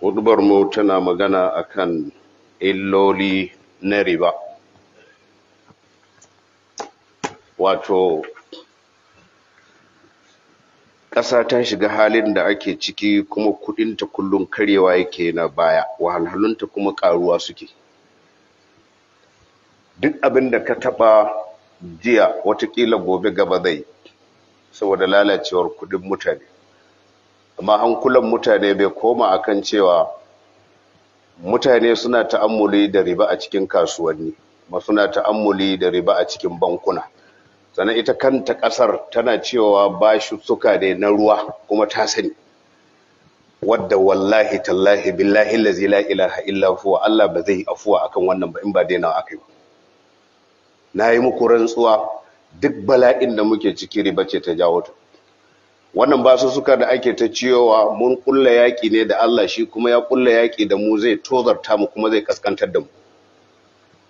hudubar mu tana magana akan illoli na riba wato ƙasa ta shiga halin da ake ciki kuma kudinta kullum karyewa yake na baya wahalhalunta kuma karuwa suke duk abin da ka taba jiya watakila gobe gaba zai saboda lalacewar kudin mutane amma hankulan mutane bai koma akan cewa mutane suna ta'ammuli da riba a cikin kasuwanni kuma suna ta'ammuli da riba a cikin bankuna sannan ita kanta kasar tana cewa bashi suka ne na ruwa kuma ta sani wadda wallahi tallahi billahi lazi la ilaha illa huwa Allah ba zai afuwa akan wannan ba in ba daina akai ba na yi muku rantsuwa duk bala'in da muke ciki riba ce ta jawo ta wannan ba su suka da ake ta ciyowa mun kulla yaƙi ne da Allah shi kuma ya kulla yaƙi da mu zai tozarta mu kuma zai kaskantar da mu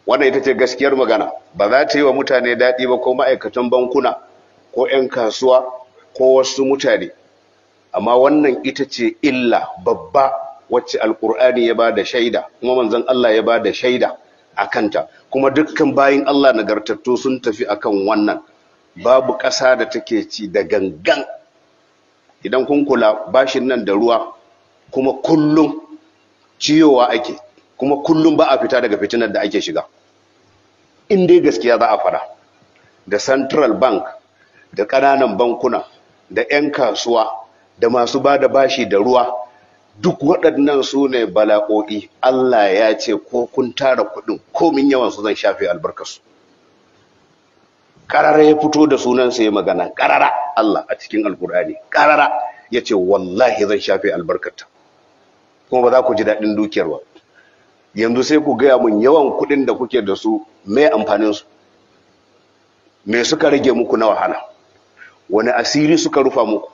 wannan ita ce gaskiyar magana ba za ta yi wa mutane daɗi ba ko ma'aikatan bankuna ko 'yan kasuwa ko wasu mutane amma wannan ita ce illa babba wacce alkur'ani ya ba da shaida kuma manzon Allah ya ba da shaida a kanta kuma dukkan bayin Allah nagartattu sun tafi akan wannan babu ƙasa da take ci da gangan idan kun kula bashin nan da ruwa kuma kullum ciyowa ake kuma kullum ba a fita daga fitinar da ake shiga in dai gaskiya za a fara da central bank da ƙananan bankuna da 'yan kasuwa da masu ba da bashi da ruwa duk waɗannan su ne bala'o'i allah ya ce ko kun tara kuɗin komin yawan su zan shafe albarkarsu karara ya fito da sunansa ya magana karara Allah a cikin alkur'ani karara ya ce wallahi zan shafe albarkata kuma ba za ku ji daɗin dukiyar ba yanzu sai ku gaya mun yawan kuɗin da kuke da su mai amfanin su me suka rage muku na wahala wani asiri suka rufa muku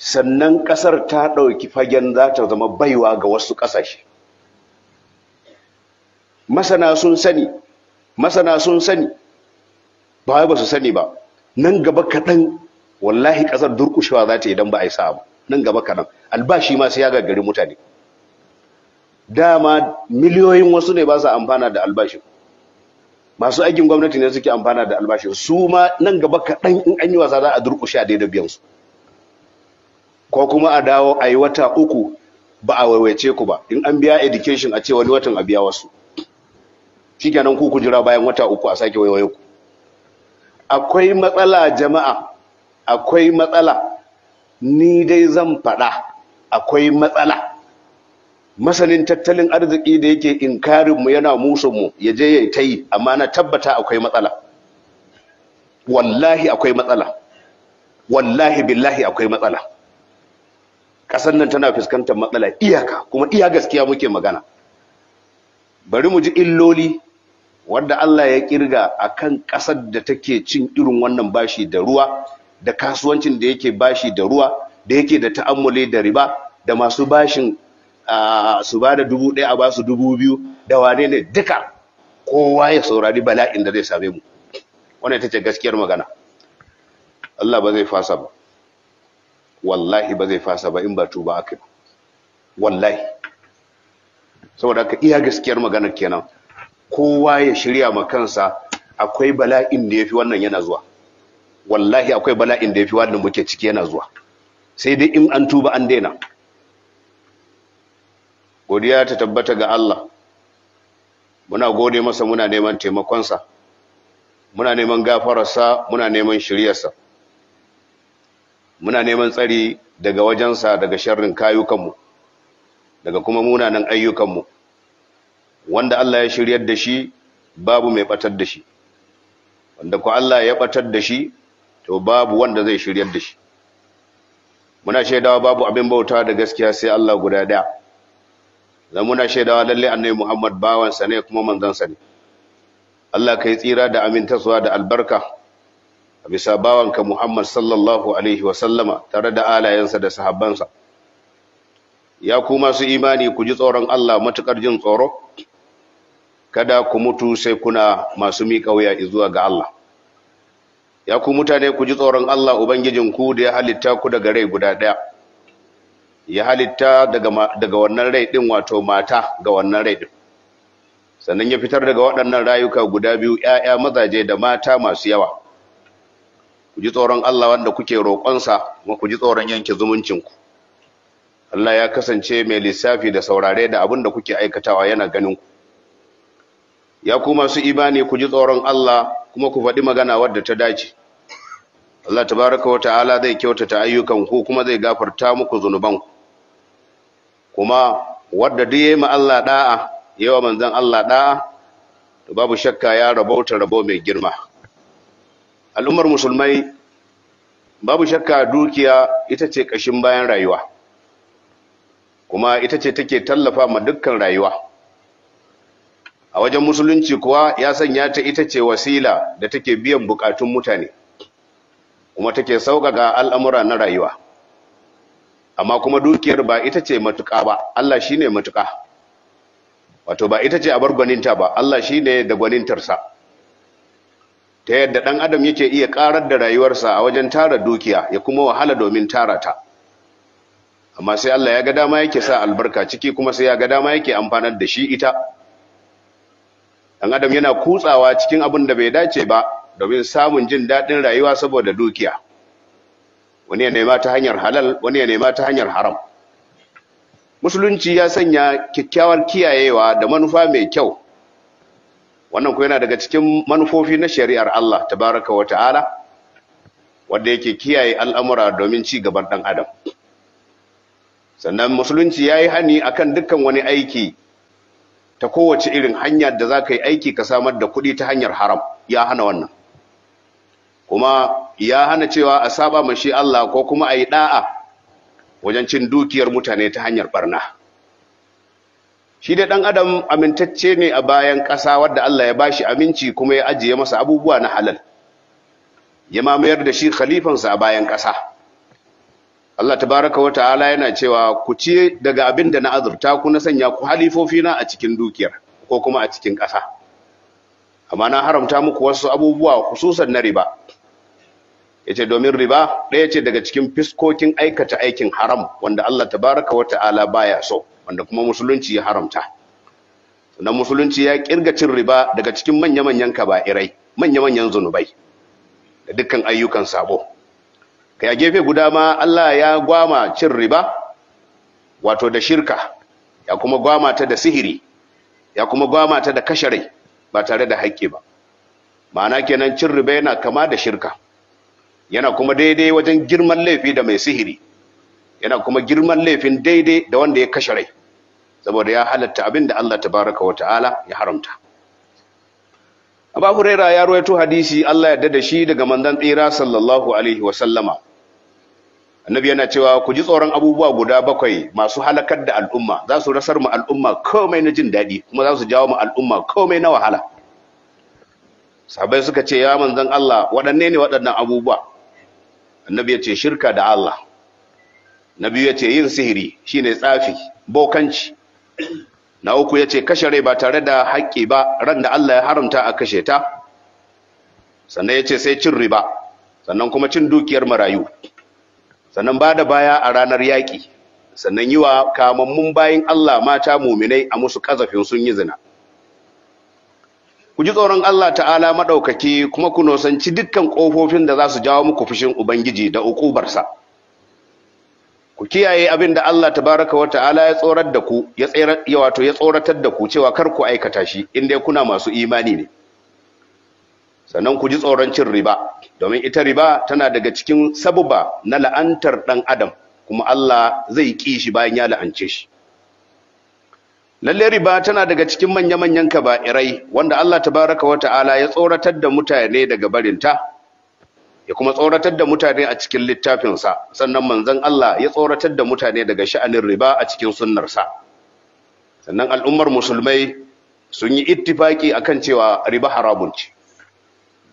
sannan ƙasar ta ɗauki fagen za ta zama baiwa ga wasu ƙasashe masana sun sani masana sun sani ba ba su sani ba nan gaba kaɗan wallahi ƙasar durƙushewa za ta idan ba a yi sa'a ba nan gaba kaɗan albashi ma sai ya gagari mutane dama miliyoyin wasu ne ba su amfana da albashin masu aikin gwamnati ne suke amfana da albashin su ma nan gaba kaɗan in an yi wasa za a durƙushe a daidai biyansu ko kuma a dawo a yi wata uku ba a waiwace ku ba in an biya education a ce wani watan a biya wasu shi nan ku ku jira bayan wata uku a sake waiwaye ku akwai matsala jama'a akwai matsala ni dai zan faɗa akwai matsala masanin tattalin arziki da yake inkarinmu yana musunmu ya je ya ta yi amma na tabbata akwai matsala wallahi akwai matsala wallahi billahi akwai matsala ƙasar nan tana fuskantar matsala iyaka kuma iya gaskiya muke magana bari mu ji illoli wanda Allah ya kirga akan ƙasar da take cin irin wannan bashi da ruwa da kasuwancin da yake bashi da ruwa da yake da ta'ammule da riba da masu bashin su ba da dubu ɗaya a ba su dubu biyu da wane ne duka kowa ya saurari bala'in da zai same mu wannan ita ce gaskiyar magana Allah ba zai fasa ba wallahi ba zai fasa ba in ba tuba aka wallahi saboda ka iya gaskiyar maganar kenan kowa ya shirya ma kansa akwai bala'in da ya fi wannan yana zuwa wallahi akwai bala'in da ya fi wannan muke ciki yana zuwa sai dai in an tuba an daina godiya ta tabbata ga Allah muna gode masa muna neman taimakonsa muna neman gafararsa muna neman shiryarsa muna neman tsari daga wajensa daga sharrin kayukanmu daga kuma munanan ayyukanmu wanda Allah ya shiryar da shi babu mai batar da shi wanda ku Allah ya batar da shi to babu wanda zai shiryar da shi muna shaidawa babu abin bauta da gaskiya sai Allah guda daya zan muna shaidawa lalle annabi Muhammad bawansa ne kuma sa ne Allah kai tsira da amintaswa da albarka a bisa bawanka Muhammad sallallahu alaihi wa sallama tare da alayensa da sahabbansa ya ku masu imani ku ji tsoron Allah matukar jin tsoro kada ku mutu sai kuna masu miƙa wuya zuwa ga Allah ya ku mutane ku ji tsoron Allah ubangijinku da ya halitta ku daga rai guda ɗaya ya halitta daga, wannan rai ɗin wato mata ga wannan rai ɗin sannan ya fitar daga waɗannan rayuka guda biyu ‘ya'ya mazaje da mata masu yawa ku ji tsoron Allah wanda kuke roƙonsa kuma ku ji tsoron yanke ku. Allah ya kasance mai lissafi da saurare da abin da kuke aikatawa yana ganin ku ya ku masu imani ku ji tsoron Allah kuma ku faɗi magana wadda ta dace Allah tabaraka wa ta'ala zai kyautata ayyukan ku kuma zai gafarta muku zunuban ku kuma wadda duk yayi ma Allah da'a yawa manzon Allah da'a to babu shakka ya rabauta rabo mai girma al'ummar musulmai babu shakka dukiya ita ce kashin bayan rayuwa kuma ita ce take tallafa ma dukkan rayuwa a wajen musulunci kuwa ya sanya ta ita ce wasila da take biyan bukatun mutane kuma take sauƙaƙa al'amura na rayuwa amma kuma dukiyar ba ita ce matuƙa ba Allah shine matuƙa wato ba ita ce abar gwaninta ba Allah shine da gwanintarsa ta yadda ɗan adam yake iya ƙarar da rayuwarsa a wajen tara dukiya ya kuma wahala domin tara ta amma sai Allah ya ga dama yake sa albarka ciki kuma sai ya ga dama yake amfanar da shi ita dan adam yana kutsawa cikin abin da bai dace ba domin samun jin daɗin rayuwa saboda dukiya wani ya nema ta hanyar halal wani ya nema ta hanyar haram musulunci ya sanya kyakkyawar kiyayewa da manufa mai kyau wannan ko yana daga cikin manufofi na shari'ar Allah tabaraka wa ta'ala wanda yake kiyaye al'amura domin ci gaban dan adam sannan musulunci yayi hani akan dukkan wani aiki ta kowace irin hanya da za ka yi aiki ka samar da kuɗi ta hanyar haram ya hana wannan kuma ya hana cewa a saba ma shi Allah ko kuma a yi ɗa'a wajen cin dukiyar mutane ta hanyar barna shi da ɗan adam amintacce ne a bayan ƙasa wadda Allah ya ba shi aminci kuma ya ajiye masa abubuwa na halal ya mamayar da shi khalifansa a bayan ƙasa Allah tabaraka wa ta'ala yana cewa ku ci daga abin da na azurta ku na sanya ku halifofi na a cikin dukiyar ko kuma a cikin ƙasa amma na haramta muku wasu abubuwa hususan na riba Ya ce domin riba ɗaya ce daga cikin fiskokin aikata aikin haram wanda Allah tabaraka wa ta'ala baya so wanda kuma musulunci ya haramta na musulunci ya ƙirga cin riba daga cikin manya-manyan kaba'irai manya-manyan zunubai da dukkan ayyukan sabo kai a gefe guda ma Allah ya gwama cin riba wato da shirka ya kuma gwama ta da sihiri ya kuma gwama ta da kashare ba tare da haƙƙi ba ma'ana kenan cin riba yana kama da shirka yana kuma daidai wajen girman laifi da mai sihiri yana kuma girman laifin daidai da wanda ya kashe saboda ya halatta abin da Allah tabaraka wa ta'ala ya haramta Abu Huraira ya rawaito hadisi Allah ya da shi daga manzon tsira sallallahu alaihi wa sallama annabi yana cewa ku ji tsoron abubuwa guda bakwai masu halakar da al'umma za su rasar mu al'umma komai na jin daɗi kuma za su jawo mu al'umma komai na wahala Sabai suka ce ya manzon Allah waɗanne ne waɗannan abubuwa annabi ya ce shirka da Allah nabi ya ce yin sihiri shine tsafi bokanci na uku ya ce kashe rai ba tare da haƙƙi ba ran da Allah ya haramta a kashe ta sannan ya ce sai cin riba sannan kuma cin dukiyar marayu sannan ba da baya a ranar yaƙi sannan yi wa kamammun bayan Allah mata muminai a musu ƙazafin sun yi zina ku ji tsoron Allah ta'ala maɗaukaki kuma ku nosanci dukkan ƙofofin da za su jawo muku fushin ubangiji da ukubarsa. ku kiyaye abin da Allah tabaraka wa ta'ala ya tsorar da ku ya wato ya tsoratar da ku cewa kar ku aikata shi inda kuna masu imani ne sannan ku ji tsoron cin riba domin ita riba tana daga cikin sabuba na la'antar ɗan adam kuma Allah zai ƙi shi bayan ya la'ance shi lalle riba tana daga cikin manya-manyan kaba'irai wanda Allah tabaraka wa ta'ala ya tsoratar da mutane daga barinta ya kuma tsoratar da mutane a cikin littafinsa sannan manzon Allah ya tsoratar da mutane daga sha'anin riba a cikin sunnarsa sannan al'ummar musulmai sun yi ittifaki akan cewa riba haramun ce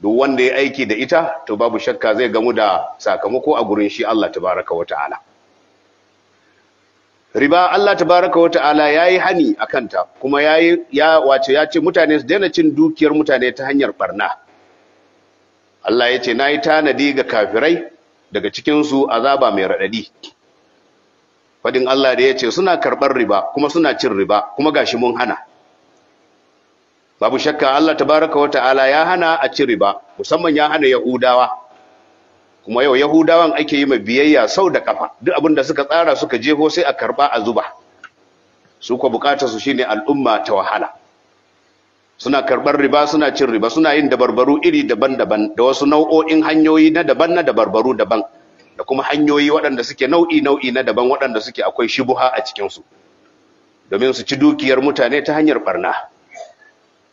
duk wanda ya aiki da ita to babu shakka zai gamu da sakamako a gurin shi Allah tabaraka wa ta'ala riba Allah tabaraka wa ta'ala yayi hani akan ta kuma yayi ya wace ya ce mutane su daina cin dukiyar mutane ta hanyar barna Allah ya ce nayi tanadi ga kafirai daga cikin su azaba mai radadi fadin Allah da ya ce suna karbar riba kuma suna cin riba kuma gashi mun hana babu shakka Allah tabaraka wa ta'ala ya hana a ci riba musamman ya hana yahudawa kuma yau yahudawan ake yi biyayya sau da kafa duk abin da suka tsara suka jeho sai a karba a zuba su ko bukatar su shine al'umma ta wahala suna karbar riba suna cin riba suna yin dabarbaru iri daban-daban da wasu nau'o'in hanyoyi na daban na dabarbaru daban da kuma hanyoyi waɗanda suke nau'i nau'i na daban waɗanda suke akwai shubuha a cikin su domin su ci dukiyar mutane ta hanyar barna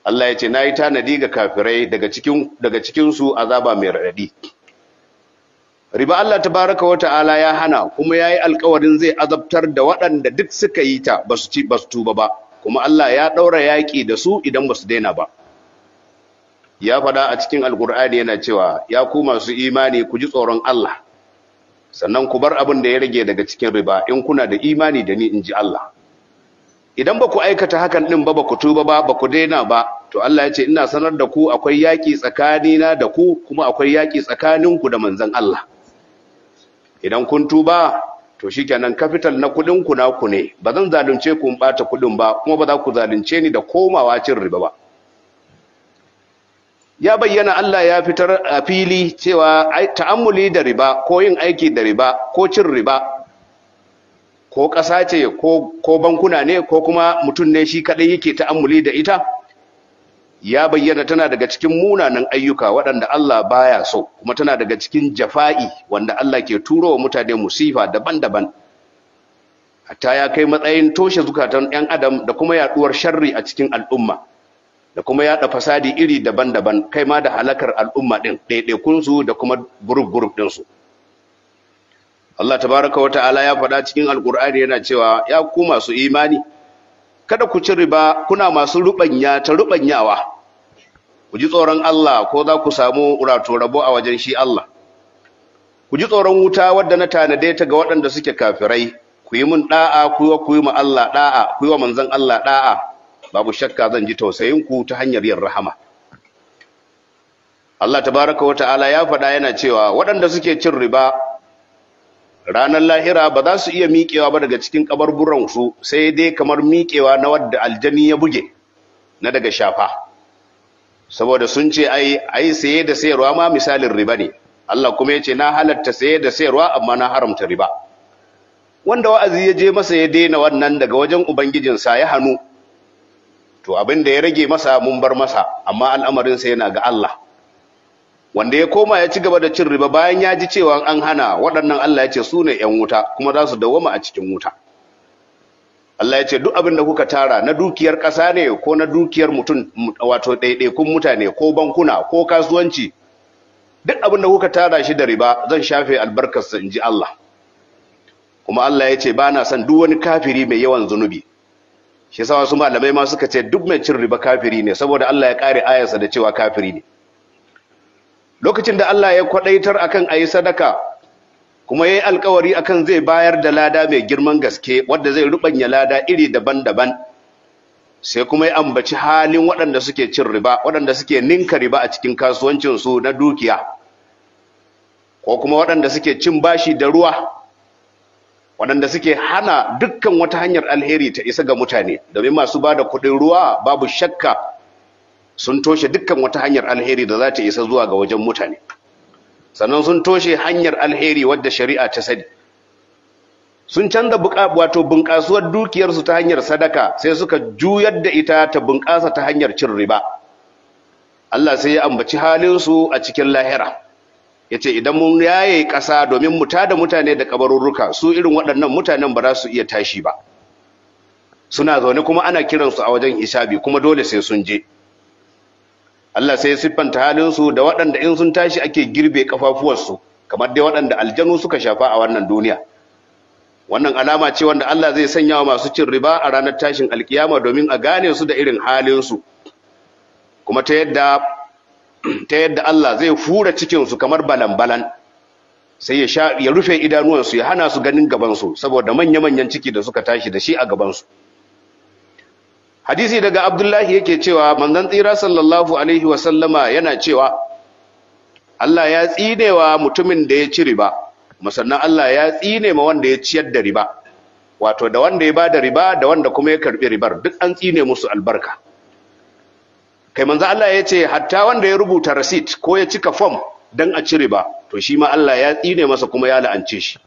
Allah ya ce na yi tanadi ga kafirai daga cikinsu azaba mai raɗaɗi riba Allah ta baraka wa ta'ala ya hana kuma ya yi alkawarin zai azabtar da waɗanda duk suka yi ta ba su ci ba su tuba ba kuma Allah ya ɗaura yaƙi da su idan ba su daina ba ya faɗa a cikin alkur'ani yana cewa ya ku masu imani ku ji tsoron Allah sannan ku bar abin da ya rage daga cikin riba in kuna da imani da ni in ji Allah idan ba ku aikata hakan din ba ba ku tuba ba ba ku daina ba to Allah ya ce ina sanar da ku akwai yaƙi tsakanina da ku kuma akwai yaƙi tsakaninku da manzon Allah idan kun tuba to shikenan capital na kudin ku ku ne ba zan zalunce ku in bata kudin ba kuma ba za ku zalunce ni da komawa cin riba ba ya bayyana Allah ya fitar a fili cewa ta'ammuli da riba ko yin aiki da riba ko cin riba ko ƙasa ce ko bankuna ne ko kuma mutum ne shi kaɗai yake ta ta'ammuli da ita ya bayyana tana daga cikin munanan ayyuka waɗanda Allah baya so kuma tana daga cikin jafa'i wanda Allah ke turo wa mutane musifa daban-daban hatta ya kai matsayin toshe zukatan 'yan adam da kuma yaɗuwar sharri a cikin al'umma da kuma yaɗa fasadi iri daban-daban kai ma da halakar al'umma ɗin ɗaiɗaikunsu da kuma gurub-gurub ɗinsu. Allah tabaraka wa ta'ala ya faɗa cikin alkur'ani yana cewa ya ku masu imani kada ku ci riba kuna masu rubanya ta rubanyawa ku ji tsoron Allah ko za ku samu rato rabo a wajen shi Allah ku ji tsoron wuta wadda na tanade ta ga waɗanda suke kafirai ku yi mun da'a ku yi wa ku yi ma Allah da'a ku yi wa manzon Allah da'a babu shakka zan ji tausayin ku ta hanyar yin rahama Allah tabaraka wa ta'ala ya faɗa yana cewa waɗanda suke cin riba ranar lahira ba za su iya miƙewa ba daga cikin kabarburansu sai dai kamar miƙewa na wadda aljani ya buge na daga shafa saboda sun ce ai ai saye da sayarwa ma misalin riba ne Allah kuma ya ce na halatta saye da sayarwa amma na haramta riba wanda wa'azi ya je masa ya daina wannan daga wajen ubangijinsa ya hannu to abin da ya rage masa mun bar masa amma al'amarinsa yana ga Allah wanda ya koma ya ci gaba da cin riba bayan ya ji cewa an hana waɗannan Allah ya ce su ne 'yan wuta kuma za su dawwama a cikin wuta Allah ya ce duk abin da kuka tara na dukiyar ƙasa ne ko na dukiyar mutum wato ɗaiɗaikun mutane ko bankuna ko kasuwanci duk abin da kuka tara shi da riba zan shafe albarkarsa in ji Allah kuma Allah ya ce ba na son duk wani kafiri mai yawan zunubi shi yasa wasu malamai ma suka ce duk mai cin riba kafiri ne saboda Allah ya kare ayarsa da cewa kafiri ne lokacin da Allah ya kwadaitar akan ayi sadaka kuma yayi alkawari akan zai bayar da lada mai girman gaske wanda zai rubanya lada iri daban-daban sai kuma ya ambaci halin waɗanda suke cin riba waɗanda suke ninka riba a cikin kasuwancin su na dukiya ko kuma waɗanda suke cin bashi da ruwa waɗanda suke hana dukkan wata hanyar alheri ta isa ga mutane domin masu bada kuɗin ruwa babu shakka sun toshe dukkan wata hanyar alheri da za ta isa zuwa ga wajen mutane sannan sun toshe hanyar alheri wadda shari'a ta sani sun canza wato bunƙasuwar dukiyarsu ta hanyar sadaka sai suka juyar da ita ta bunƙasa ta hanyar cin riba Allah sai ya ambaci halinsu a cikin lahira ya ce idan mun yaye ƙasa domin muta da mutane da kabarurruka su irin waɗannan mutanen ba za su iya tashi ba suna zaune kuma ana kiransu a wajen hisabi kuma dole sai sun je Allah sai siffanta halinsu da waɗanda in sun tashi ake girbe kafafuwarsu kamar dai waɗanda aljanu suka shafa a wannan duniya wannan alama ce wanda Allah zai sanya wa masu cin riba a ranar tashin alkiyama domin a gane su da irin halinsu kuma ta yadda Allah zai fura cikinsu kamar balan-balan sai ya rufe idanuwansu ya hana su ganin gabansu saboda manya-manyan ciki da suka tashi da shi a gabansu hadisi daga abdullahi yake cewa manzan tsira sallallahu alaihi wasallama yana cewa Allah ya tsinewa mutumin da ya ci riba masannan Allah ya tsine ma wanda ya ciyar da riba wato da wanda ya ba da riba da wanda kuma ya karbi ribar duk an tsine musu albarka kai manzan Allah ya ce hatta wanda ya rubuta receipt ko ya cika form don a ci riba to shi ma Allah ya tsine masa kuma ya la'ance shi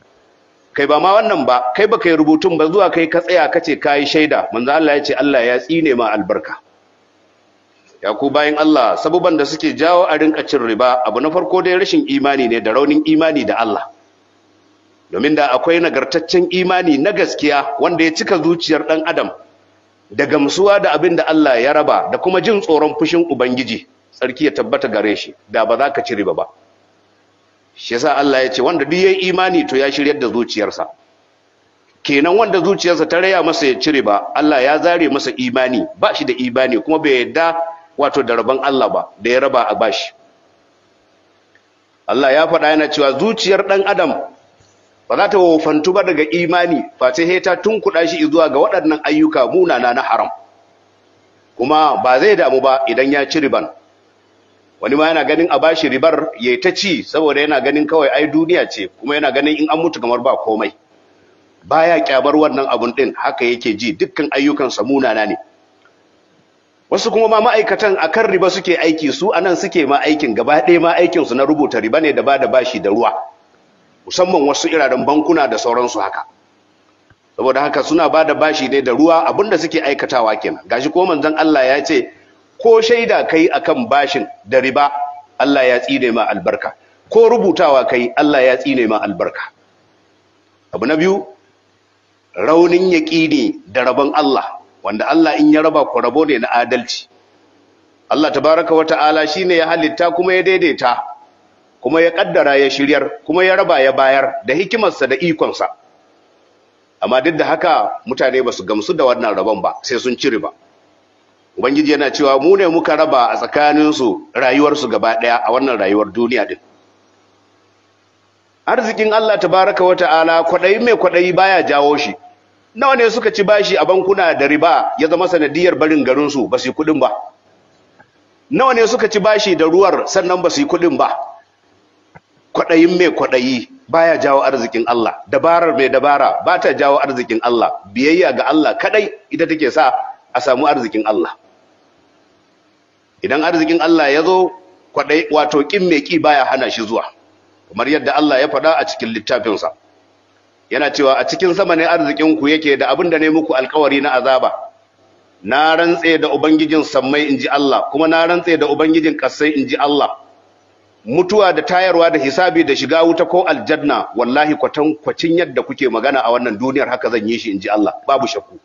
kai ba ma wannan ba kai ba kai rubutun ba zuwa kai ka tsaya kace kai shaida manzo Allah ya ce Allah ya tsine ma albarka ya ku bayin Allah sabuban da suke jawo a rinka cin riba abu na farko dai rashin imani ne da raunin imani da Allah domin da akwai nagartaccen imani na gaskiya wanda ya cika zuciyar dan adam da gamsuwa da abin da Allah ya raba da kuma jin tsoron fushin ubangiji sarki ya tabbata gare shi da ba za ka ci riba ba shi yasa Allah ya ce wanda duk yayi imani to ya shiryar da zuciyarsa kenan wanda zuciyarsa ta raya masa ya cire ba Allah ya zare masa imani ba shi da imani kuma bai yadda wato da rabon Allah ba da ya raba a bashi Allah ya faɗa yana cewa zuciyar ɗan adam ba za ta wofantu ba daga imani face sai ta tunkuɗa shi zuwa ga waɗannan ayyuka munana na haram kuma ba zai damu ba idan ya cire ban wani ma yana ganin a bashi ribar ya ta ci saboda yana ganin kawai ai duniya ce kuma yana ganin in an mutu kamar ba komai baya kyabar wannan abun din haka yake ji dukkan ayyukan ayyukansa munana ne wasu kuma ma ma'aikatan akan riba suke aiki su anan suke ma aikin gaba ɗaya ma aikinsu na rubuta riba ne da ba da bashi da ruwa musamman wasu iraren bankuna da sauransu haka saboda haka suna ba da bashi ne da ruwa abinda suke aikatawa kenan gashi ko manzon Allah ya ce ko shaida kai akan bashin da riba Allah ya tsine ma albarka ko rubutawa kai Allah ya tsine ma albarka abu na biyu raunin yaqini da rabon Allah wanda Allah in ya raba ku rabo ne na adalci Allah tabaraka wata'ala shine ya halitta kuma ya daidaita kuma ya kaddara ya shiryar kuma ya raba ya bayar da hikimarsa da ikonsa amma duk da haka mutane ba su gamsu da wannan rabon ba sai sun ci riba ubangiji yana cewa mu ne muka raba a tsakaninsu rayuwarsu gaba ɗaya a wannan rayuwar duniya din arzikin Allah tabaraka wa ta'ala kwaɗayi mai kwaɗayi baya jawo shi nawa ne suka ci bashi a bankuna da riba ya zama sanadiyar barin garinsu ba su yi kuɗin ba nawa ne suka ci bashi da ruwar sannan ba su yi kuɗin ba kwaɗayin mai kwaɗayi baya jawo arzikin Allah dabarar mai dabara ba ta jawo arzikin Allah biyayya ga Allah kaɗai ita take sa a samu arzikin Allah idan arzikin Allah ya zo kwadai wato kin mai ki baya hana shi zuwa kamar yadda Allah ya faɗa a cikin littafinsa yana cewa a cikin sama ne arzikin ku yake da abin da ne muku alkawari na azaba na rantse da ubangijin sammai inji Allah kuma na rantse da ubangijin kasai inji Allah mutuwa da tayarwa da hisabi da shiga wuta ko aljanna wallahi kwatan kwacin yadda kuke magana a wannan duniyar haka zan yi shi inji Allah babu shakku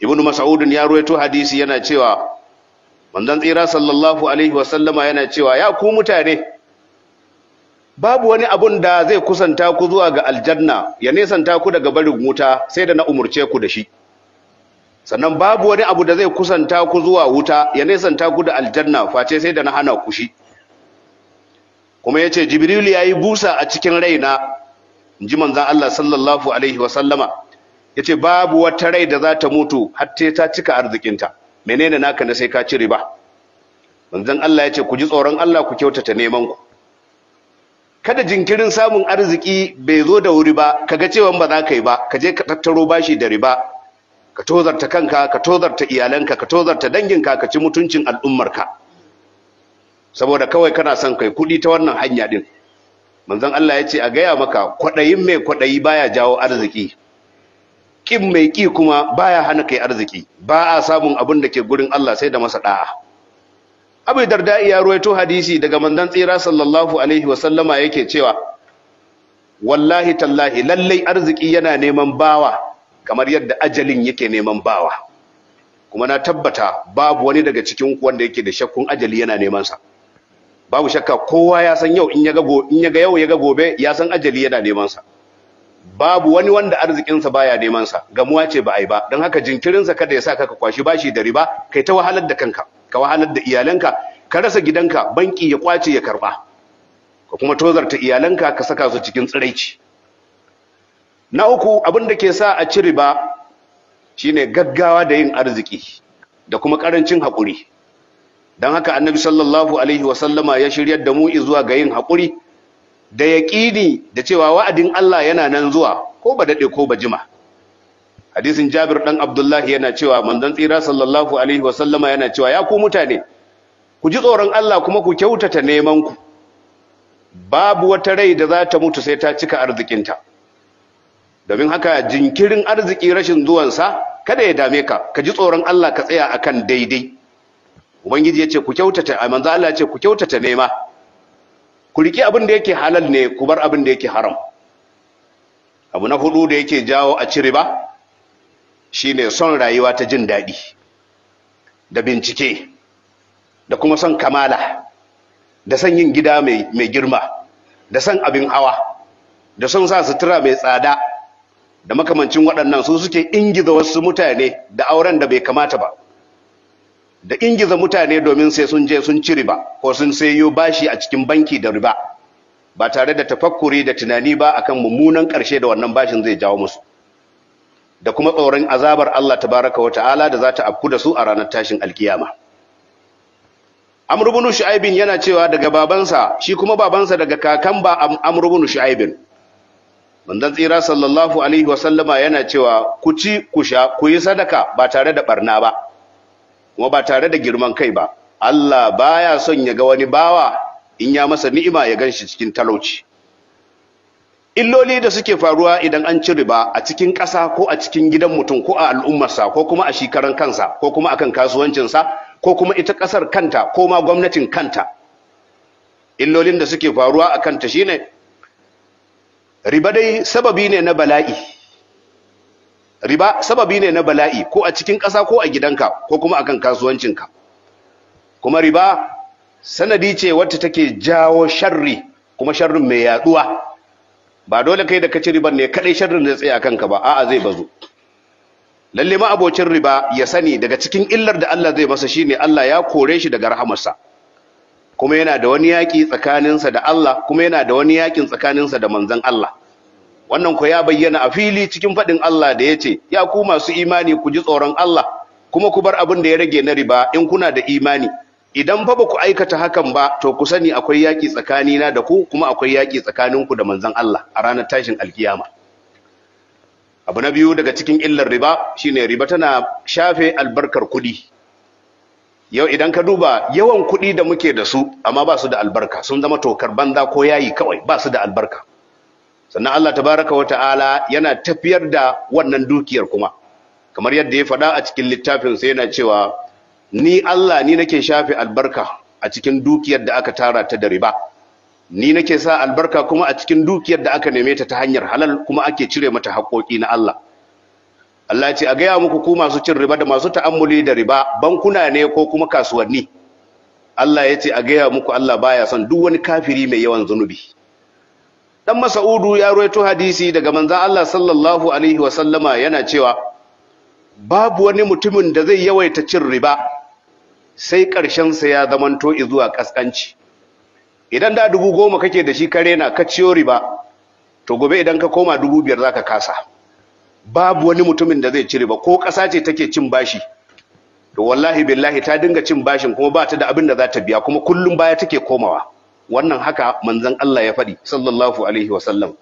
ibnu mas'ud ya ruwaito hadisi yana cewa manzon tsira sallallahu alaihi wasallama yana cewa ya ku mutane babu wani abun da zai kusanta ku zuwa ga aljanna ya nesanta ku daga barin wuta sai da na umurce ku da shi sannan babu wani abu da zai kusanta ku zuwa wuta ya nesanta ku da aljanna face sai da na hana ku shi kuma ya yace jibrilu ya yi busa a cikin raina in ji manzan Allah sallallahu alaihi wasallama ce babu wata rai da za ta mutu har ta cika arzikinta menene naka na sai ka ci riba manzon Allah ya ce ku ji tsoron Allah ku kyautata neman ku kada jinkirin samun arziki bai zo da wuri ba kaga cewa ba za ka yi ba ka je ka tattaro bashi da riba ka tozarta kanka ka tozarta iyalanka ka tozarta danginka ka ci mutuncin al'ummarka saboda kawai kana son kai kuɗi ta wannan hanya din manzon Allah ya ce a gaya maka kwaɗayin mai kwaɗayi baya jawo arziki kin mai ki kuma baya hana kai arziki ba a samun abin da ke gurin Allah sai da masa da'a Abu Darda ya ruwaito hadisi daga mandan tsira sallallahu alaihi wasallama yake cewa wallahi tallahi lallai arziki yana neman bawa kamar yadda ajalin yake neman bawa kuma na tabbata babu wani daga cikin wanda yake da shakkun ajali yana neman sa babu shakka kowa ya san yau in ya ga yau ya ga gobe ya san ajali yana neman sa babu wani wanda arzikinsa baya neman sa gamuwa ce ba a yi ba don haka jinkirinsa kada ya sa ka kwashi bashi da riba kai ta wahalar da kanka ka wahalar da iyalanka ka rasa gidanka banki ya kwace ya karba ka kuma tozarta iyalanka ka saka su cikin tsiraici na uku abin da ke sa a ci riba shine gaggawa da yin arziki da kuma karancin hakuri don haka annabi sallallahu alaihi wasallama ya shiryar da mu zuwa ga yin hakuri da yaƙini da cewa wa'adin Allah yana nan zuwa ko ba daɗe ko ba jima hadisin jabir ɗan abdullahi yana cewa Manzan tsira sallallahu alaihi wasallama yana cewa ya ku mutane ku ji tsoron Allah kuma ku kyautata neman ku babu wata rai da za ta mutu sai ta cika arzikinta domin haka jinkirin arziki rashin zuwansa kada ya dame ka ka ji tsoron Allah ka tsaya akan daidai ubangiji ya ce ku kyautata manzo Allah ya ce ku kyautata nema ku riƙe abin da yake halal ne ku bar abin da yake haram abu na hudu da yake jawo a ci riba shine son rayuwa ta jin daɗi da bincike da kuma son kamala da son yin gida mai girma da son abin hawa da son sa sutura mai tsada da makamancin waɗannan su suke ingiza wasu mutane da auren da bai kamata ba da ingiza mutane domin sai sun je sun ci riba ko sun sayo bashi a cikin banki da riba ba tare da tafakkuri da tunani ba akan mummunan ƙarshe da wannan bashin zai jawo musu da kuma tsoron azabar Allah tabaraka wa ta'ala da za ta afku da su a ranar tashin alkiyama ibn shu'aib yana cewa daga babansa shi kuma babansa daga kakan ba ibn shu'aib manzon tsira sallallahu alaihi wasallama yana cewa ku ci ku sha ku yi sadaka ba tare da barna ba kuma ba tare da girman kai ba Allah baya son ya ga wani bawa in ya masa ni'ima ya ganshi cikin talauci illoli da suke faruwa idan an ci riba a cikin ƙasa ko a cikin gidan mutum ko a al'ummarsa ko kuma a shikaran kansa ko kuma akan kasuwancinsa ko kuma ita ƙasar kanta ko ma gwamnatin kanta illolin da suke faruwa a kanta shine riba dai sababi ne na bala'i riba sababi ne na bala'i ko a cikin ƙasa ko a gidanka ko kuma akan kasuwancinka kuma riba sanadi ce wata take jawo sharri kuma sharrin mai yaduwa ba dole kai da kaci ribar ne kadai sharrin da tsaye a kanka ba a'a zai bazu lalle ma abocin riba ya sani daga cikin illar da Allah zai masa shine Allah ya kore shi daga rahamarsa kuma yana da wani yaki tsakaninsa da Allah kuma yana da wani yakin tsakaninsa da manzon Allah wannan ko ya bayyana a fili cikin faɗin Allah da ya ce ya ku masu imani ku ji tsoron Allah kuma ku bar abin da ya rage na riba in kuna da imani idan fa ba ku aikata hakan ba to ku sani akwai yaƙi tsakanina da ku kuma akwai yaƙi tsakaninku da manzon Allah a ranar tashin alkiyama abu na biyu daga cikin illar riba shine riba tana shafe albarkar kuɗi yau idan ka duba yawan kuɗi da muke da su amma ba su da albarka sun zama tokar banza ko yayi kawai ba su da albarka sannan Allah tabaraka wa ta'ala yana tafiyar da wannan dukiyar kuma kamar yadda ya faɗa a cikin littafin sai yana cewa ni Allah ni nake shafe albarka a cikin dukiyar da aka tara ta da riba ni nake sa albarka kuma a cikin dukiyar da aka neme ta ta hanyar halal kuma ake cire mata haƙoƙi na Allah Allah ce a gaya muku ku masu cin riba da masu ta'ammuli da riba bankuna ne ko kuma kasuwanni Allah ya ce a gaya muku Allah baya son duk wani kafiri mai yawan zunubi dan mas'udu ya rawaito hadisi daga manzon Allah sallallahu alaihi wa sallama yana cewa babu wani mutumin da zai yawaita cin riba sai karshen sa ya zamanto zuwa kaskanci idan da dubu goma kake da shi kare na ka ciyo riba to gobe idan ka koma dubu biyar zaka kasa babu wani mutumin da zai ci riba ko ƙasa ce take cin bashi to wallahi billahi ta dinga cin bashin kuma ba ta da abin da za ta biya kuma kullum baya take komawa wannan haka manzan Allah ya faɗi sallallahu alaihi wasallam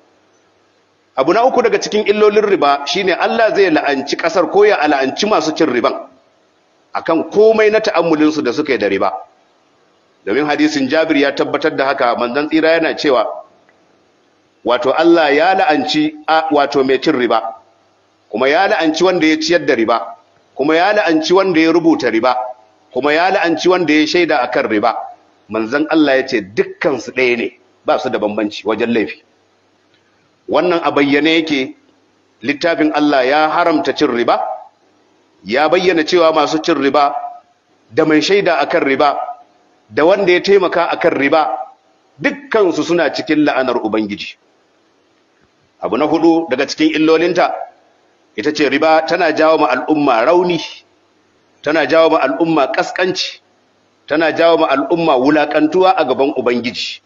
abu na uku daga cikin illolin riba shine Allah zai la'anci kasar koya a la'anci masu cin riban akan komai na ta'ammulin su da suka yi da riba domin hadisin Jabir ya tabbatar da haka manzon tsira yana cewa wato Allah ya la'anci wato mai cin riba kuma ya la'anci wanda ya ciyar da riba kuma ya la'anci wanda ya rubuta riba kuma ya la'anci wanda ya shaida akan riba manzon Allah ya ce dukkansu ɗaya ne ba su da bambanci wajen laifi wannan a bayyane yake littafin Allah ya haramta cin riba ya bayyana cewa masu cin riba da mai shaida akan riba da wanda ya taimaka akan riba dukkansu suna cikin la'anar ubangiji abu na hudu daga cikin illolinta ita ce riba tana jawo ma al'umma rauni tana jawo ma al'umma kaskanci tana jawo ma al'umma wulakantuwa a gaban ubangiji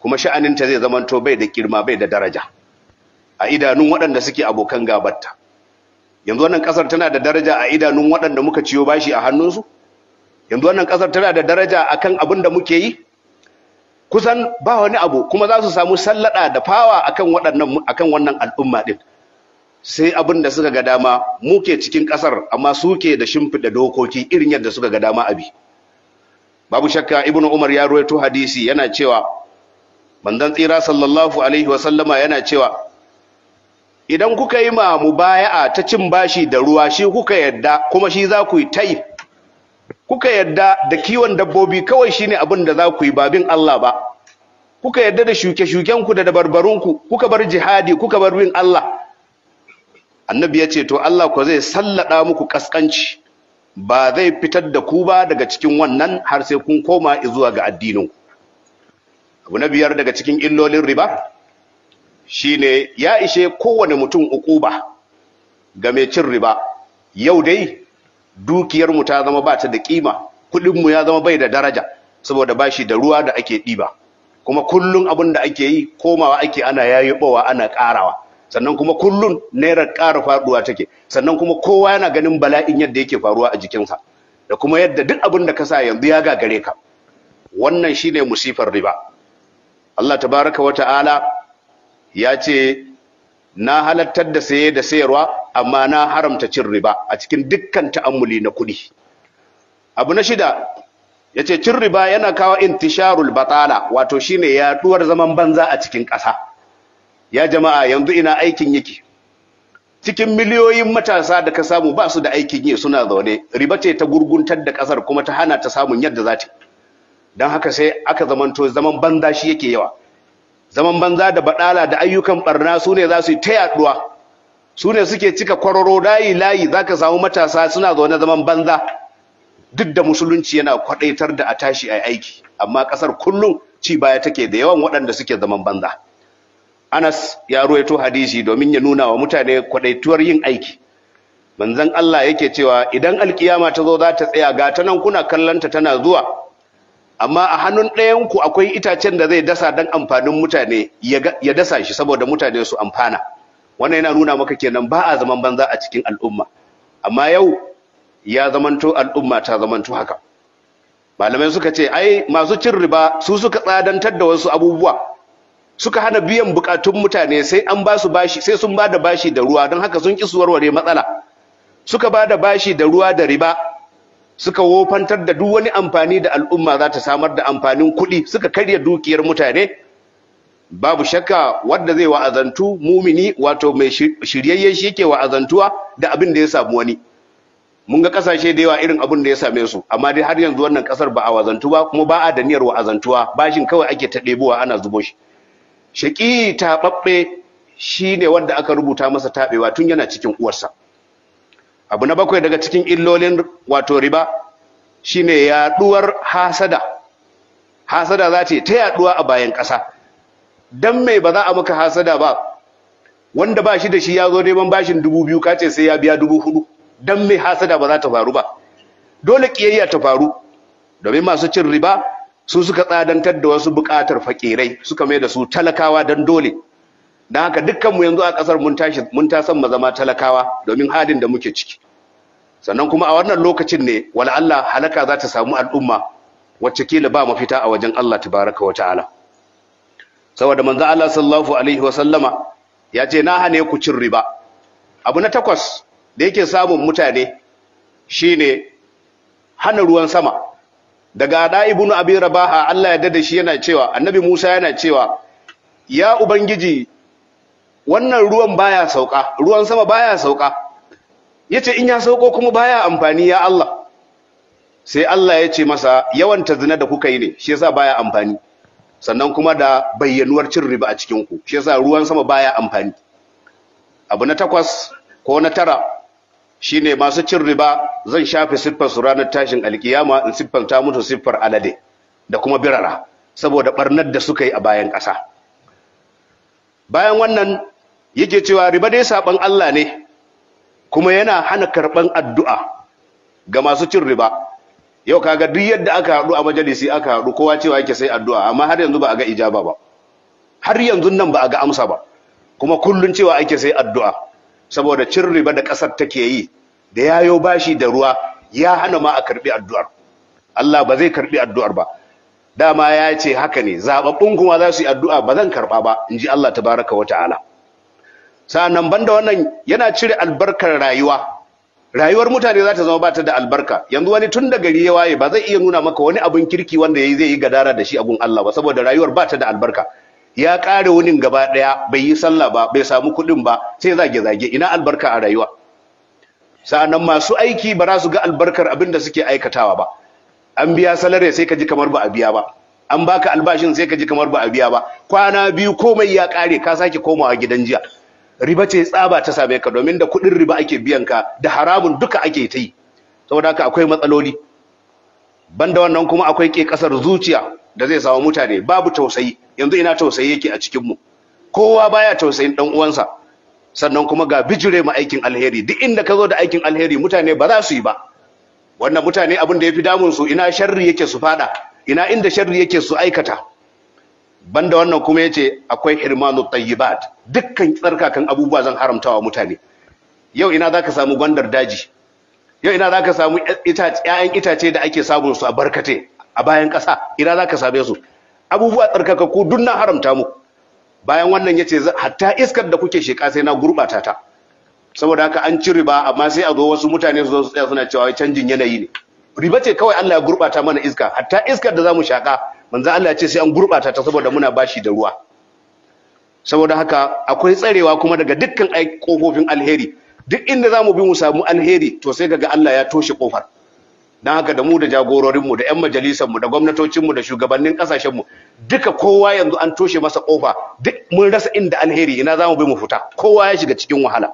kuma sha'aninta zai zamanto bai da kirma bai da daraja a idanun waɗanda suke abokan gabatta yanzu wannan ƙasar tana da daraja a idanun waɗanda muka ciyo bashi a hannunsu yanzu wannan ƙasar tana da daraja akan abin da muke yi kusan ba wani abu kuma za su samu sallada da fawa akan waɗannan wannan al'umma din sai abin da suka ga dama muke cikin ƙasar amma suke da shimfiɗa dokoki irin yadda suka ga dama abi babu shakka Ibnu umar ya ruwaito hadisi yana cewa manzon tsira sallallahu alaihi wasallama yana cewa idan kuka yi ma mubaya'a ta cin bashi da ruwa shi kuka yadda kuma shi za ku yi tai kuka yadda da kiwon dabbobi kawai shine abin da za ku yi babin Allah ba kuka yadda da shuke shuken ku da dabarbarunku kuka bar jihadi kuka bar bin Allah annabi ya ce to Allah ko zai sallada muku kaskanci ba zai fitar da ku ba daga cikin wannan har sai kun koma zuwa ga addinin ku. abu na biyar daga cikin illolin riba shine ya ishe kowane mutum ba ga mai cin riba yau dai dukiyar mu ta zama ba ta da kima kudin mu ya zama bai da daraja saboda ba shi da ruwa da ake diba kuma kullun abin da ake yi komawa ake ana yayi bawa ana karawa sannan kuma kullun naira ƙara faduwa take sannan kuma kowa yana ganin bala'in yadda yake faruwa a jikinsa da kuma yadda duk abin da ka sa yanzu ya gagare ka wannan shine musifar riba Allah tabaraka wa ta'ala ya ce na halattar da saye da sayarwa amma na haramta cin riba a cikin dukkan ta'ammuli na kuɗi abu na shida ya ce cin riba yana kawo intisharul batala wato shine yaduwar zaman banza a cikin ƙasa ya jama'a yanzu ina aikin yake cikin miliyoyin matasa da ka samu ba su da aikin yi suna zaune riba ce ta gurguntar da kasar kuma ta hana ta samun yadda za ta don haka sai aka zamanto zaman banza shi yake yawa zaman banza da baɗala da ayyukan barna su ne za su yi ta yaduwa su ne suke cika kwararo layi layi za ka samu matasa suna zaune zaman banza duk da musulunci yana kwadaitar da a tashi a aiki amma kasar kullum ci baya take da yawan waɗanda suke zaman banza Anas ya ruwaito hadisi domin ya nuna wa mutane kwadaituwar yin aiki manzon Allah yake cewa idan alkiyama ta zo za ta tsaya ga ta nan kuna kallanta tana zuwa amma a hannun ɗayan ku akwai itacen da zai dasa dan amfanin mutane ya dasa shi saboda mutane su amfana wannan yana nuna maka kenan ba a zaman banza a cikin al'umma amma yau ya zamanto al'umma ta zamanto haka malamai suka ce ai masu cin riba su suka tsadantar da wasu abubuwa suka hana biyan bukatun mutane sai an ba su bashi sai sun ba da bashi da ruwa don haka sun ki warware matsala suka ba da bashi da ruwa da riba suka wofantar da duk wani amfani da al'umma za ta samar da amfanin kuɗi suka karya dukiyar mutane babu shakka wanda zai wa'azantu mumini wato mai shiryayye shi yake wa'azantuwa da abin da ya samu wani mun ga kasashe da yawa irin abin da ya same su amma dai har yanzu wannan kasar ba a wazantu ba kuma ba a da niyyar wa'azantuwa bashin kawai ake ta ɗebowa ana zubo shi shaƙi taɓaɓɓe shi ne wanda aka rubuta masa taɓewa tun yana cikin uwarsa abu na bakwai daga cikin illolin wato riba shi ne yaɗuwar hasada hasada za ce ta yaduwa a bayan ƙasa don mai ba za a maka hasada ba wanda ba shi da shi ya zo neman bashin dubu biyu kace sai ya biya dubu hudu don mai hasada ba za ta faru ba dole ƙiyayya ta faru domin masu cin riba su suka tsadantar da wasu buƙatar fakirai suka mai da su talakawa don dole don haka dukkanmu yanzu a ƙasar mun ta mun tasan mazama talakawa domin halin da muke ciki sannan kuma a wannan lokacin ne wala halaka za ta samu al'umma wacce kila ba mafita a wajen Allah tabaraka wa ta'ala saboda manzo Allah sallallahu alaihi wa sallama ya ce na hane ku cin riba abu na takwas da yake samun mutane shine hana ruwan sama daga da ibnu abi rabaha Allah ya dada shi yana cewa annabi Musa yana cewa ya ubangiji wannan ruwan baya sauka ruwan sama baya sauka yace in ya sauko kuma baya amfani ya Allah sai Allah ya ce masa yawan zina da kuka yi ne shi yasa baya amfani sannan kuma da bayyanuwar cin riba a cikin ku shi yasa ruwan sama baya amfani abu na takwas ko na tara shine masu cin riba zan shafe siffar su ranar tashin alkiyama in ta mutu siffar alade da kuma birara saboda barnar da suka yi a bayan ƙasa bayan wannan yake cewa riba dai saban Allah ne kuma yana hana karban addu'a ga masu cin riba yau kaga duk yadda aka haɗu a majalisi aka haɗu kowa cewa yake sai addu'a amma har yanzu ba a ga ijaba ba har yanzu nan ba a ga amsa ba kuma kullum cewa ake sai addu'a saboda cin riba da ƙasar take yi da yayo bashi da ruwa ya hana ma a karbi addu'ar Allah ba zai karbi addu'ar ba dama ya ce haka ne zababbun kuma za su yi addu'a ba zan karba ba in ji Allah tabaraka wa ta'ala sa'annan banda wannan yana cire albarkar rayuwa rayuwar mutane za ta zama ba ta da albarka yanzu wani tun da gari ya waye ba zai iya nuna maka wani abin kirki wanda yayi zai yi gadara da shi a gun Allah ba saboda rayuwar ba ta da albarka ya ƙare wunin gaba ɗaya bai yi sallah ba bai samu kuɗin ba sai zage-zage ina albarka a rayuwa sa'annan masu aiki ba za su ga albarkar abin da suke aikatawa ba an biya salare sai ka ji kamar ba a biya ba an baka albashin sai ka ji kamar ba a biya ba kwana biyu komai ya ƙare ka sake komawa gidan jiya riba ce tsaba ta same ka domin da kuɗin riba ake biyan ka da haramun duka ake ta yi saboda haka akwai matsaloli banda wannan kuma akwai ke ƙasar zuciya da zai samu mutane babu tausayi yanzu ina tausayi yake a cikin mu kowa baya tausayin dan uwansa sannan kuma ga bijire ma aikin alheri duk inda ka zo da aikin alheri mutane ba za su yi ba wannan mutane abin da ya fi damun su ina sharri yake su fada ina inda sharri yake su aikata banda wannan kuma yace akwai hirmanu tayyibat dukkan tsarkakan abubuwa zan haramtawa mutane yau ina zaka samu gwandar daji yau ina zaka samu ƴaƴan itace da ake samun su a barkate a bayan ƙasa ina za ka same su abubuwa tsarkakakku duk na haramta mu bayan wannan ya ce hatta iskar da kuke sheƙa sai na gurɓata ta saboda haka an ci riba amma sai a zo wasu mutane su zo su tsaya suna cewa canjin yanayi ne riba ce kawai Allah ya gurɓata mana iska hatta iskar da zamu shaƙa manzo Allah ya ce sai an gurɓata ta saboda muna bashi da ruwa saboda haka akwai tsarewa kuma daga dukkan kofofin alheri duk inda zamu bi mu samu alheri to sai kaga Allah ya toshe kofar don haka da mu da jagororin mu da 'yan mu da mu da shugabannin mu, duka kowa yanzu an toshe masa ƙofa duk mun rasa inda alheri ina za mu bi mu fita kowa ya shiga cikin wahala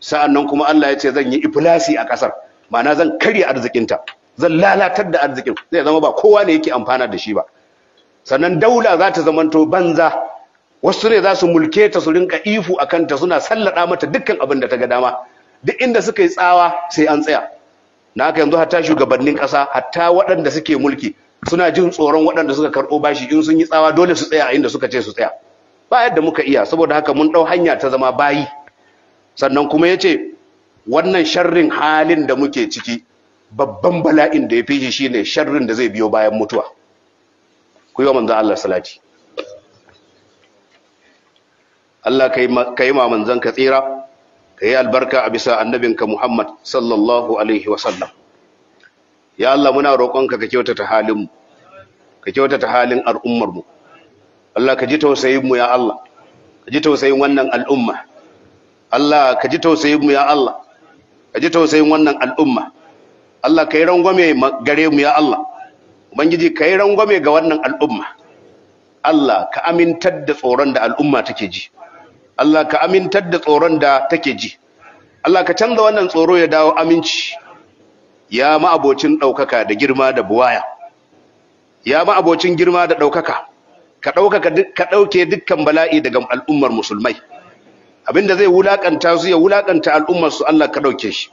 sa'an nan kuma Allah ya ce zan yi iflasi a ƙasar ma'ana zan karya arzikinta zan lalatar da arzikin zai zama ba kowa ne yake amfana da shi ba sannan daula za ta zamanto banza wasu ne za su mulke ta su rinka ifu a kanta suna sallada mata dukkan abin da ta ga dama duk inda suka yi tsawa sai an tsaya na haka yanzu hatta shugabannin ƙasa hatta waɗanda suke mulki suna jin tsoron waɗanda suka karɓo bashi in sun yi tsawa dole su tsaya a inda suka ce su tsaya ba yadda muka iya saboda haka mun ɗau hanya ta zama bayi sannan kuma ya ce wannan sharrin halin da muke ciki babban bala'in da ya fi shi shine sharrin da zai biyo bayan mutuwa ku yi wa manzan Allah salati Allah ka yi ma manzan ka tsira ka yi albarka a bisa annabinka Muhammad sallallahu alaihi wasallam ya Allah muna roƙonka ka kyautata halinmu, ka kyautata halin al'ummarmu. Allah ka ji tausayinmu ya Allah ka ji tausayin wannan al'umma Allah ka ji tausayinmu ya Allah ka ji tausayin wannan al'umma Allah ka yi rangwame gare mu ya Allah ubangiji ka yi rangwame ga wannan al'umma Allah ka amintar da tsoron da al'umma take ji Allah ka amintar da tsoron da take ji Allah ka canza wannan tsoro ya dawo aminci ya ma'abocin ɗaukaka da girma da buwaya ya ma'abocin girma da ɗaukaka ka ka ɗauke dukkan bala'i daga al'ummar musulmai abinda zai wulakanta su ya wulakanta al'ummar su Allah ka ɗauke shi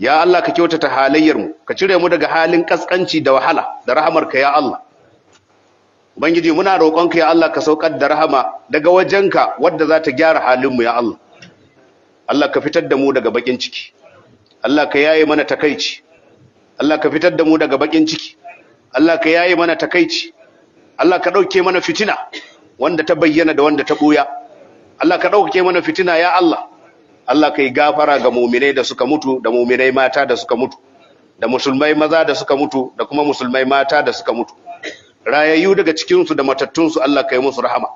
ya Allah ka kyautata halayyar mu ka cire mu daga halin kaskanci da wahala da rahamarka ya Allah ubangiji muna roƙonka ya Allah ka saukar da rahama daga wajenka wadda za ta gyara halinmu ya Allah Allah ka fitar da mu daga bakin ciki Allah ka yaye mana takaici Allah ka fitar da mu daga bakin ciki Allah ka yaye mana takaici Allah ka ɗauke mana fitina wanda ta bayyana da wanda ta ɓuya Allah ka ɗauke mana fitina ya Allah Allah ka yi gafara ga muminai da suka mutu da muminai mata da suka mutu da musulmai maza da suka mutu da kuma musulmai mata da suka mutu rayayyu daga cikinsu da matattunsu Allah kai musu rahama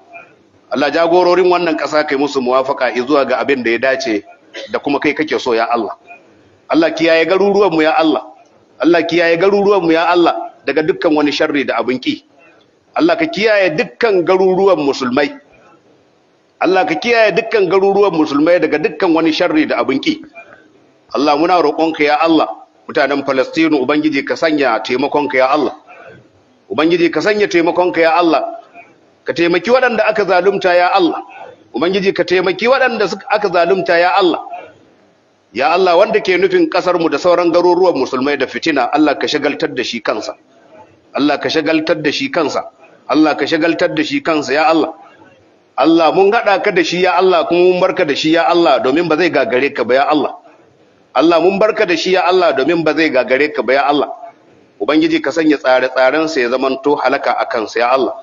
Allah jagororin wannan ƙasa kai musu muwafaka zuwa ga abin da ya dace da kuma kai kake so ya Allah Allah kiyaye garuruwanmu ya Allah Allah kiyaye garuruwanmu ya Allah daga dukkan wani sharri da abin ki Allah ka kiyaye dukkan garuruwan musulmai Allah ka kiyaye dukkan garuruwan musulmai daga dukkan wani sharri da abin ki Allah muna roƙonka ya Allah mutanen Falastinu ubangiji ka sanya taimakonka ya Allah ubangiji ka sanya taimakonka ya Allah ka taimaki waɗanda aka zalunta ya Allah ubangiji ka taimaki waɗanda aka zalunta ya Allah ya Allah wanda ke nufin kasar mu da sauran garuruwan musulmai da fitina Allah ka shagaltar da shi kansa Allah ka shagaltar da shi kansa Allah ka shagaltar da shi kansa ya Allah Allah mun gada ka da shi ya Allah kuma mun barka da shi ya Allah domin ba zai gagare ka ba ya Allah Allah mun barka da shi ya Allah domin ba zai gagare ka ba ya Allah ubangiji ka sanya tsare-tsarensa ya zamanto halaka a kansa ya Allah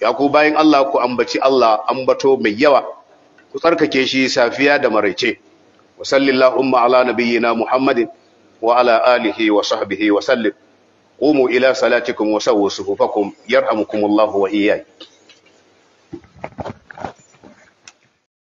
ya ku bayan Allah ku ambaci Allah ambato mai yawa ku tsarkake shi safiya da maraice wa sallallahu ala nabiyyina muhammadin wa ala alihi wa sahbihi wa sallim qumu ila salatikum wa sawwu sufufakum yarhamukumullahu wa iyyakum